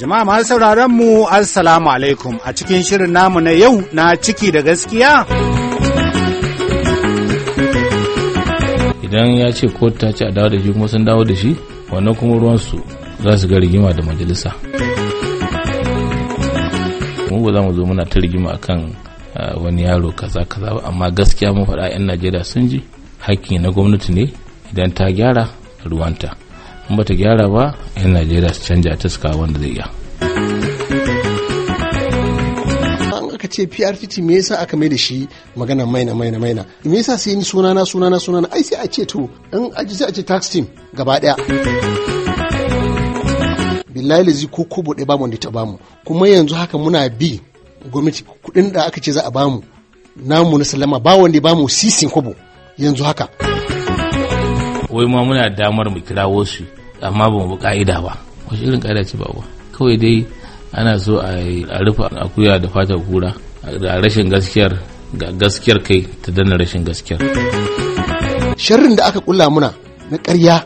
Jama'a masu sauraron mu Assalamu alaikum a cikin shirin namu na yau na ciki da gaskiya. Idan ya ce ko ta ce a dawo da shi kuma sun dawo da shi, wannan kuma ruwansu za su ga rigima da majalisa. Mu ba za mu zo muna ta rigima akan Ah, wani yaro kaza kaza ba amma gaskiya mun faɗa 'yan najeriya sun ji hakki na gwamnati ne idan ta gyara ruwanta in bata gyara ba 'yan najeriya su canja ta suka wanda zai iya aka ce PRPT me yasa aka mai da shi magana maina maina maina me yasa sai ni sunana sunana sunana ai sai a ce to in aji sai a ce tax team gaba daya billahi lazi ko kobo ɗaya bamu da ta bamu kuma yanzu haka muna bi gwamnati kuɗin da aka ce za a bamu namu na salama ba wanda ba sisin kobo yanzu haka. wai ma muna damar mu kira wasu amma ba mu ka'ida ba wasu irin ka'ida ce ba kawai dai ana so a rufe akuya da fatar kura da rashin gaskiyar ga gaskiyar kai ta danna rashin gaskiyar sharrin da aka kulla muna na ƙarya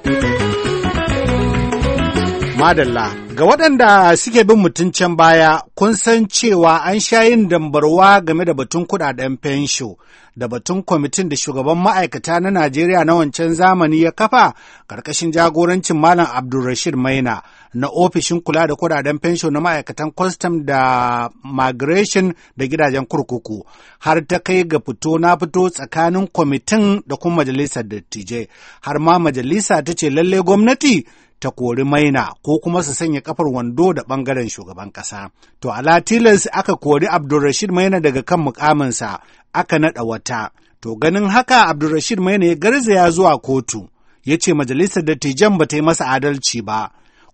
Madalla, ga waɗanda suke bin mutuncin baya, kun san cewa an sha yin dambarwa game da batun kuɗaɗen fensho da batun kwamitin da shugaban ma'aikata na Najeriya na wancan zamani ya kafa Karkashin jagorancin Malam Abdulrashid Maina na ofishin kula da kuɗaɗen fensho na ma'aikatan kwastam da migration da gidajen kurkuku har ta kai ga fito na fito tsakanin kwamitin da kuma majalisar dattijai har ma majalisa ta ce lallai gwamnati ta kori maina ko kuma su sanya kafar wando da bangaren shugaban kasa. To a tilas aka kori Abdulrashid maina daga kan mukaminsa aka naɗa wata. To ganin haka Abdulrashid maina ya garzaya zuwa kotu. Ya ce majalisar dattijan ba ta yi masa adalci ba.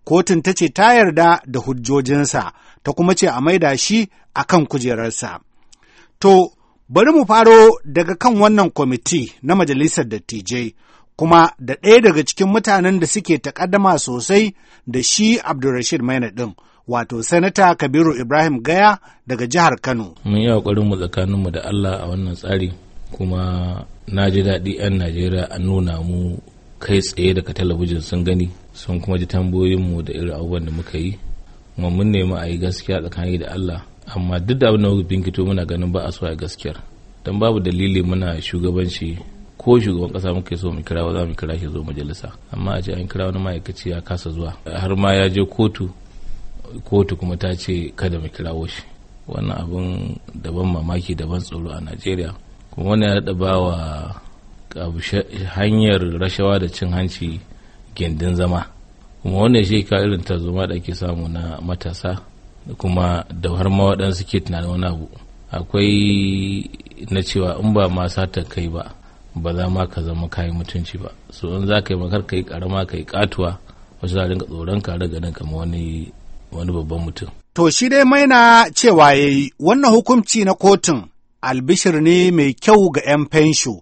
Kotun ta ce ta yarda da hujjojinsa ta kuma ce a maida shi a kan kujerarsa. To, bari mu faro daga kan wannan kwamiti na majalisar dattijai. kuma da ɗaya daga cikin mutanen da suke takaddama sosai da shi Abdulrashid Maina ɗin, wato Sanata Kabiru Ibrahim Gaya daga jihar Kano. Mun yi mu tsakaninmu da Allah a wannan tsari, kuma na ji daɗi 'yan Najeriya a nuna mu kai tsaye daga talabijin sun gani, sun kuma ji tambayoyinmu da irin abubuwan da muka yi. Kuma mun nemi a yi gaskiya tsakani da Allah, amma duk da abin da muka muna ganin ba a so a gaskiyar. Don babu dalili muna shugabanci ko shugaban kasa muke so mu kira za mu kira shi zo majalisa amma a ce an kira wani ma'aikaci ya kasa zuwa har ma ya je kotu kotu kuma ta ce kada mu kirawo shi wannan abun daban mamaki daban tsoro a najeriya kuma wani ya ba wa hanyar rashawa da cin hanci gindin zama kuma wannan shi ka irin tarzoma da ake samu na matasa da kuma da har ma waɗansu ke tunanin wani abu akwai na cewa in ba ma sata kai ba ba za ma ka zama kayan mutunci ba so in za ka yi makar ka yi karama ka yi katuwa wasu za rinka tsoron ka daga nan kama wani babban mutum. to shi dai maina cewa ya yi wannan hukunci na kotun albishir ne mai kyau ga 'yan fensho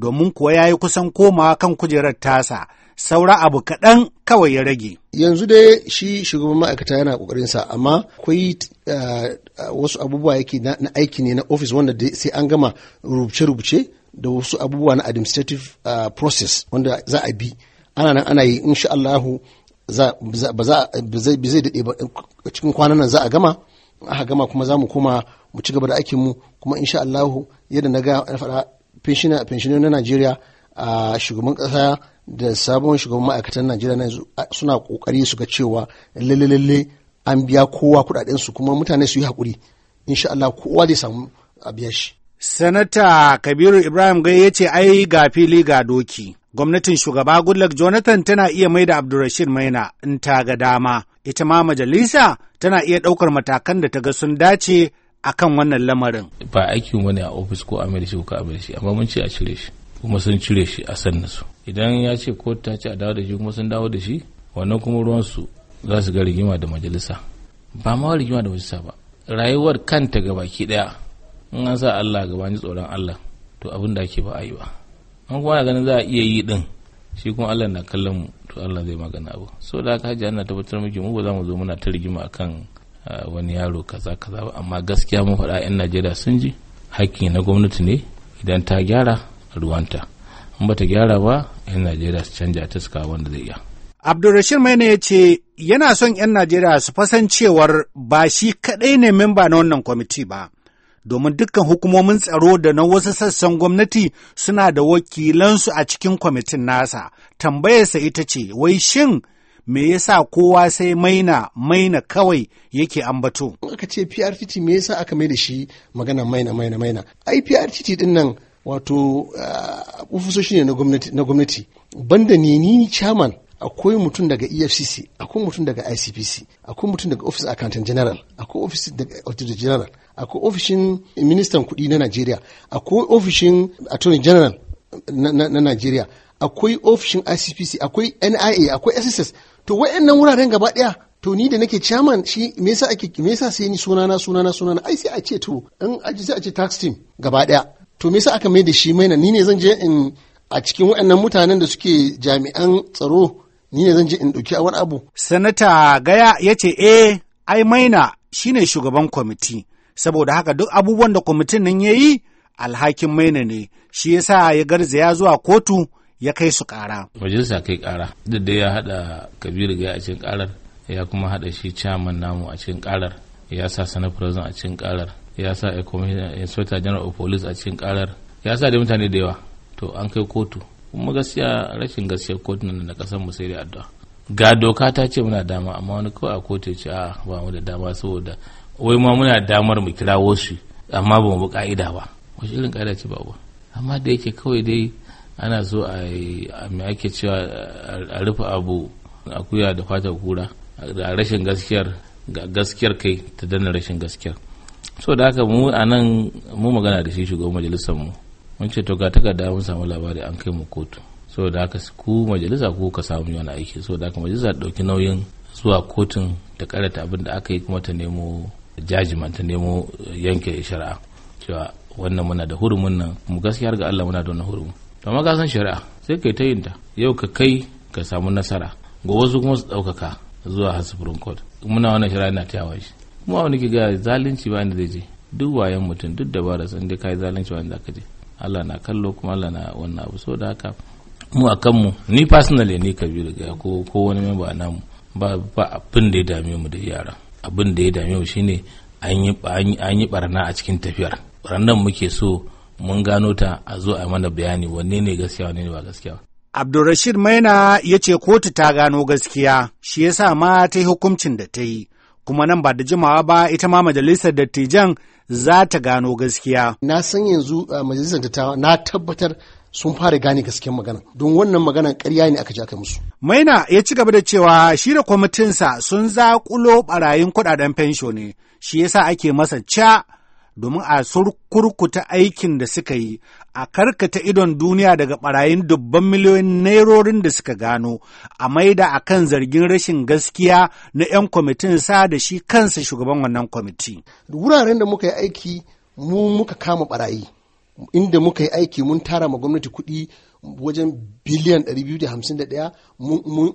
domin kuwa ya yi kusan koma kan kujerar tasa saura abu kaɗan kawai ya rage. Yanzu dai shi shugaban ma'aikata yana ƙoƙarin sa amma akwai eh, wasu abubuwa yake na aiki ne na ofis wanda sai an gama rubuce-rubuce da wasu abubuwa na administrative uh, process wanda za a bi ana nan ana yi insha Allah ba zai daɗe ba cikin kwanan nan za a gama aka gama kuma za mu koma mu ci gaba da aikin mu kuma insha Allah yadda na ga na faɗa pensioner na Najeriya a uh, shugaban ƙasa da sabon shugaban ma'aikatan Najeriya na suna kokari su ga cewa lalle lalle an biya kowa kuɗaɗen su kuma mutane su yi haƙuri insha Allah kowa zai samu a biya shi Sanata Kabiru Ibrahim Gai ya ce ai ga fili ga doki. Gwamnatin shugaba Goodluck Jonathan tana iya mai da Abdulrashid Maina in ta ga dama. Ita ma majalisa tana iya ɗaukar matakan da ta ga sun dace a kan wannan lamarin. Ba aikin wani a ofis ko amir shi ko amir shi amma mun ce a cire shi kuma sun cire shi a san su. Idan ya ce ko ta ce a dawo da shi kuma sun dawo da shi wannan kuma ruwansu za su ga rigima da majalisa. Ba ma rigima da majalisa ba rayuwar kanta ga baki ɗaya in an sa Allah gaba ji tsoron Allah to abin da ake ba a yi ba an kuma ganin za a iya yi din shi kuma Allah na kallon mu to Allah zai magana abu so da haka hajji na tabbatar miki mu ba za mu zo muna ta rigima akan wani yaro kaza kaza ba amma gaskiya mun faɗa yan Najeriya sun ji hakki na gwamnati ne idan ta gyara ruwanta in bata gyara ba yan Najeriya su canja ta suka wanda zai iya Abdulrashid Maina ya ce yana son 'yan Najeriya su fasancewar cewar ba shi kaɗai ne memba na wannan kwamiti ba. domin dukkan hukumomin tsaro da na wasu sassan gwamnati suna da wakilansu a cikin kwamitin nasa. Tambayarsa ita ce, wai shin me yasa kowa sai maina maina kawai yake ambato? Aka ce PRTT me yasa aka mai da shi magana maina maina maina. Ai PRTT din nan wato ah, ofisoshi ne na gwamnati banda ne ni chairman akwai mutum daga efcc akwai mutum daga icpc akwai mutum daga office accountant general akwai office daga auditor general akwai ofishin ministan kudi na nigeria akwai ofishin attorney general na nigeria akwai ofishin icpc akwai nia akwai sss to wayannan wuraren gaba daya to ni da nake chairman shi me yasa ake me yasa sai ni sunana sunana sunana ai sai a ce to in aji sai a ce tax team gaba daya to me yasa aka mai da shi maina ni ne zan je in a cikin wa'annan mutanen da suke jami'an tsaro ni ne zan je in ɗauki wani abu. Sanata Gaya ya ce e ai maina shi ne shugaban kwamiti saboda haka duk abubuwan da kwamitin nan ya yi alhakin maina ne shi ya sa ya garza ya zuwa kotu ya kai su ƙara. Majalisa kai ƙara duk da ya haɗa Kabiru Gaya a cikin ƙarar ya kuma haɗa shi chairman namu a cikin ƙarar ya sa sanar president a cikin ƙarar ya sa inspector general of police a cikin ƙarar ya sa da mutane da yawa to an kai kotu kuma gaskiya rashin gaskiya kotunan na kasar mu sai da addu'a ga doka ta ce muna dama amma wani kawai a kotu ya ce a ba mu da dama saboda wai ma muna damar mu kira wasu. amma ba mu bi ka'ida ba wasu irin ka'ida ce ba ba amma da yake kawai dai ana so a mai ake cewa a rufe abu a kuya da fatar kura da rashin gaskiyar gaskiyar kai ta danna rashin gaskiyar so da haka mu a nan mu magana da shi shugaban majalisar mu mun ce to ga takarda mun samu labari an kai mu kotu saboda haka ku majalisa ku ka samu yawan aiki saboda haka majalisa dauki nauyin zuwa kotun ta karata abin da aka yi kuma ta nemo jajiman ta nemo eh, yanke shari'a cewa wannan muna da hurumin nan mu gaskiya ga Allah muna da wannan hurumin to amma ga san shari'a sai kai ta yin ta yau ka kai ka samu nasara gobe su kuma su ɗaukaka zuwa har supreme court muna wannan shari'a na tayawa shi kuma wani ki ga zalunci ba ni zai je duk wayan mutum duk dabara san dai kai zalunci ba ni zaka je Allah na kallo kuma Allah na wannan abu so da haka mu a kanmu ni personally ni kabiru ga ko ko wani memba namu ba ba abin da ya dame mu da yara abin da ya dame mu shine an yi an yi barna a cikin tafiyar barnan muke so mun gano ta a zo a mana bayani wanne ne gaskiya wanne ne ba gaskiya Abdulrashid Maina ya ce kotu ta gano gaskiya shi yasa ma ta yi hukuncin da ta yi kuma nan ba da jimawa ba ita ma majalisar dattijan za ta gano gaskiya. Na san yanzu majalisar dattawa na tabbatar sun fara gane gaskiyar magana don wannan magana karya ne aka jaka aka musu. Maina ya ci gaba da cewa shi da kwamitinsa sun zaƙulo ɓarayin kuɗaɗen fensho ne, shi yasa ake masa ca domin a surkurkuta aikin da suka yi a karkata idon duniya daga barayin dubban miliyoyin nairorin da suka gano a maida a kan zargin rashin gaskiya na 'yan kwamitin sa da shi kansa shugaban wannan kwamiti. wuraren da muka yi aiki mu muka kama barayi inda muka yi aiki mun tara ma gwamnati kuɗi wajen biliyan 251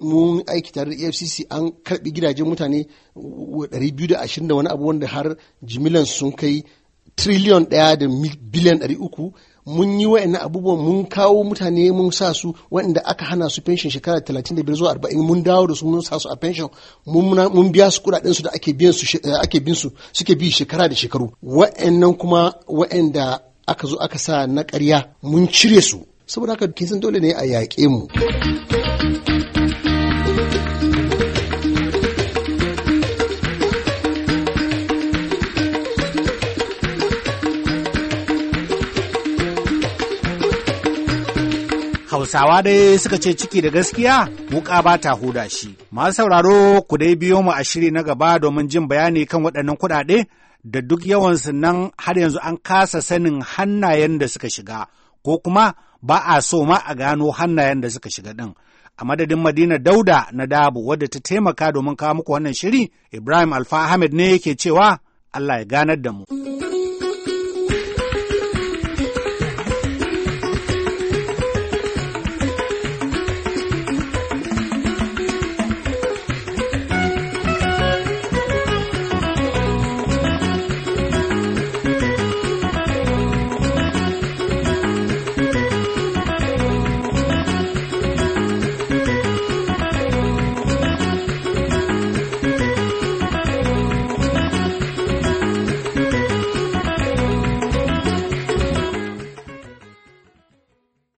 mun aiki tare da efcc an karɓi gidajen mutane 220 da wani abu wanda har jimilan sun kai triliyon daya da biliyan ɗari uku mun yi wa'annan abubuwan mun kawo mutane mun sa su waɗanda aka hana su pension shekara 35 zuwa 40 mun dawo da su mun sa su a pension mun biya su kudaden su da ake biyan eh, bin su suke bi shekara da shekaru wa'annan kuma wa'anda aka zo aka sa na ƙarya mun cire su saboda haka kin san dole ne a yaƙe mu Hausawa dai suka ce ciki da gaskiya wuka ba ta huda shi. Masu sauraro ku dai biyo mu a shiri na gaba domin jin bayani kan waɗannan kuɗaɗe da duk yawansu nan har yanzu an kasa sanin hannayen da suka shiga ko kuma ba a so ma a gano hannayen da suka shiga ɗin. A madadin Madina Dauda na Dabu wadda ta taimaka domin kawo muku wannan shiri, Ibrahim Alfa Ahmed ne yake cewa Allah ya ganar da mu.